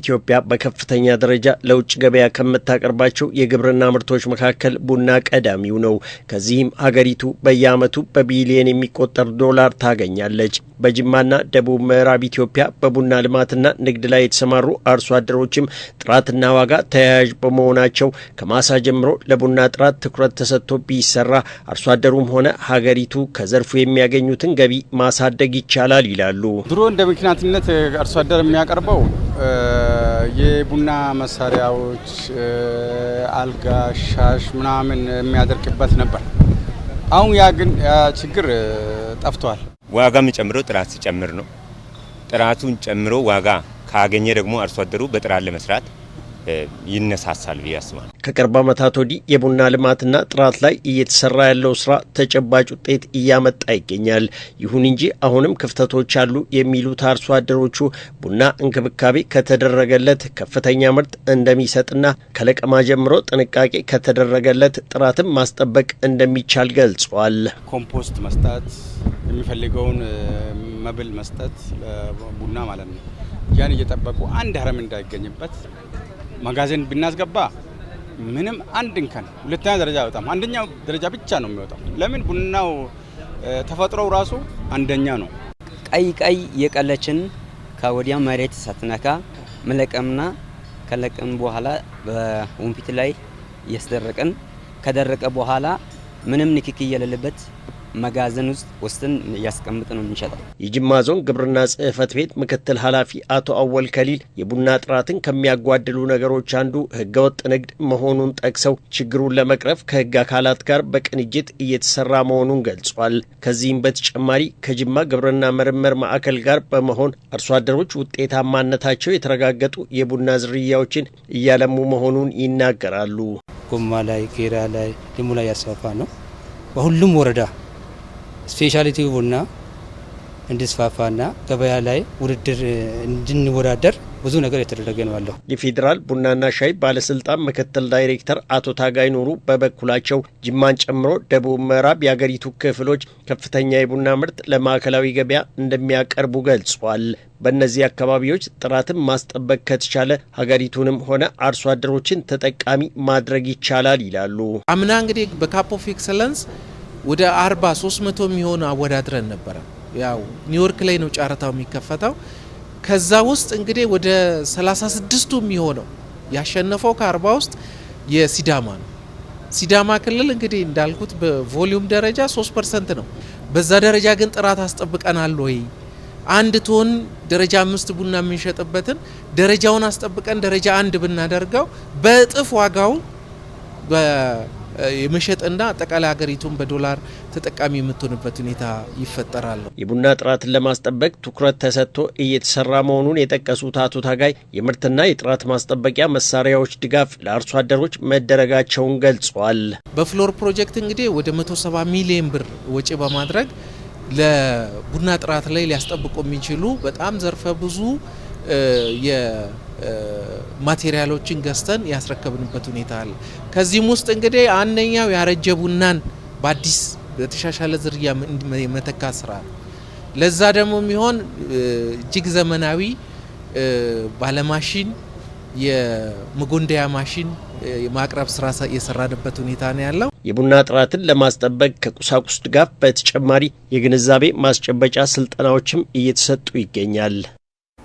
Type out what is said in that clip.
ኢትዮጵያ በከፍተኛ ደረጃ ለውጭ ገበያ ከምታቀርባቸው የግብርና ምርቶች መካከል ቡና ቀዳሚው ነው። ከዚህም ሀገሪቱ በየዓመቱ በቢሊየን የሚቆጠር ዶላር ታገኛለች። በጅማና ደቡብ ምዕራብ ኢትዮጵያ በቡና ልማትና ንግድ ላይ የተሰማሩ አርሶ አደሮችም ጥራትና ዋጋ ተያያዥ በመሆናቸው ከማሳ ጀምሮ ለቡና ጥራት ትኩረት ተሰጥቶ ቢሰራ አርሶ አደሩም ሆነ ሀገሪቱ ከዘርፉ የሚያገኙትን ገቢ ማሳደግ ይቻላል ይላሉ። ድሮ እንደ ምክንያትነት አርሶ አደር የሚያቀርበው የቡና መሳሪያዎች፣ አልጋ፣ ሻሽ ምናምን የሚያደርግበት ነበር። አሁን ያ ግን ችግር ጠፍቷል። ዋጋ የሚጨምረው ጥራት ሲጨምር ነው። ጥራቱን ጨምሮ ዋጋ ካገኘ ደግሞ አርሶ አደሩ በጥራት ለመስራት ይነሳሳል ብዬ አስባለሁ። ከቅርብ ዓመታት ወዲህ የቡና ልማትና ጥራት ላይ እየተሰራ ያለው ስራ ተጨባጭ ውጤት እያመጣ ይገኛል። ይሁን እንጂ አሁንም ክፍተቶች አሉ የሚሉት አርሶ አደሮቹ ቡና እንክብካቤ ከተደረገለት ከፍተኛ ምርት እንደሚሰጥና ከለቀማ ጀምሮ ጥንቃቄ ከተደረገለት ጥራትን ማስጠበቅ እንደሚቻል ገልጿል። ኮምፖስት መስጠት፣ የሚፈልገውን መብል መስጠት ቡና ማለት ነው። ያን እየጠበቁ አንድ አረም እንዳይገኝበት መጋዘን ብናስገባ ምንም አንድ እንከን ሁለተኛ ደረጃ አይወጣም። አንደኛው ደረጃ ብቻ ነው የሚወጣው። ለምን ቡናው ተፈጥሮው ራሱ አንደኛ ነው። ቀይ ቀይ የቀለችን ከወዲያ መሬት ሳትነካ መለቀምና ከለቀም በኋላ በወንፊት ላይ እያስደረቅን ከደረቀ በኋላ ምንም ንክክ የሌለበት መጋዘን ውስጥ ውስጥን እያስቀምጥ ነው የምንሸጠው። የጅማ ዞን ግብርና ጽህፈት ቤት ምክትል ኃላፊ አቶ አወል ከሊል የቡና ጥራትን ከሚያጓድሉ ነገሮች አንዱ ህገወጥ ንግድ መሆኑን ጠቅሰው ችግሩን ለመቅረፍ ከህግ አካላት ጋር በቅንጅት እየተሰራ መሆኑን ገልጿል። ከዚህም በተጨማሪ ከጅማ ግብርና ምርምር ማዕከል ጋር በመሆን አርሶ አደሮች ውጤታማነታቸው የተረጋገጡ የቡና ዝርያዎችን እያለሙ መሆኑን ይናገራሉ። ጎማ ላይ፣ ጌራ ላይ፣ ሊሙ ላይ ያስፋፋ ነው በሁሉም ወረዳ ስፔሻሊቲ ቡና እንዲስፋፋና ገበያ ላይ ውድድር እንድንወዳደር ብዙ ነገር የተደረገ ነው ያለው። የፌዴራል ቡናና ሻይ ባለስልጣን ምክትል ዳይሬክተር አቶ ታጋይ ኑሩ በበኩላቸው ጅማን ጨምሮ ደቡብ ምዕራብ የአገሪቱ ክፍሎች ከፍተኛ የቡና ምርት ለማዕከላዊ ገበያ እንደሚያቀርቡ ገልጿል። በእነዚህ አካባቢዎች ጥራትን ማስጠበቅ ከተቻለ ሀገሪቱንም ሆነ አርሶ አደሮችን ተጠቃሚ ማድረግ ይቻላል ይላሉ። አምና እንግዲህ በካፕ ኦፍ ኤክሰለንስ ወደ 40 300 የሚሆኑ አወዳድረን ነበረ። ያው ኒውዮርክ ላይ ነው ጨረታው የሚከፈተው። ከዛ ውስጥ እንግዲህ ወደ 36ቱ የሚሆነው ያሸነፈው ከአርባ ውስጥ የሲዳማ ነው። ሲዳማ ክልል እንግዲህ እንዳልኩት በቮሊዩም ደረጃ 3 ፐርሰንት ነው። በዛ ደረጃ ግን ጥራት አስጠብቀናል ወይ? አንድ ቶን ደረጃ አምስት ቡና የምንሸጥበትን ደረጃውን አስጠብቀን ደረጃ አንድ ብናደርገው በእጥፍ ዋጋው የመሸጥና አጠቃላይ ሀገሪቱን በዶላር ተጠቃሚ የምትሆንበት ሁኔታ ይፈጠራል። የቡና ጥራትን ለማስጠበቅ ትኩረት ተሰጥቶ እየተሰራ መሆኑን የጠቀሱት አቶ ታጋይ የምርትና የጥራት ማስጠበቂያ መሳሪያዎች ድጋፍ ለአርሶ አደሮች መደረጋቸውን ገልጿል። በፍሎር ፕሮጀክት እንግዲህ ወደ 170 ሚሊዮን ብር ወጪ በማድረግ ለቡና ጥራት ላይ ሊያስጠብቁ የሚችሉ በጣም ዘርፈ ብዙ ማቴሪያሎችን ገዝተን ያስረከብንበት ሁኔታ አለ። ከዚህም ውስጥ እንግዲህ አንደኛው ያረጀ ቡናን በአዲስ በተሻሻለ ዝርያ መተካት ስራ ነው። ለዛ ደግሞ የሚሆን እጅግ ዘመናዊ ባለማሽን የመጎንደያ ማሽን የማቅረብ ስራ የሰራንበት ሁኔታ ነው ያለው። የቡና ጥራትን ለማስጠበቅ ከቁሳቁስ ድጋፍ በተጨማሪ የግንዛቤ ማስጨበጫ ስልጠናዎችም እየተሰጡ ይገኛል።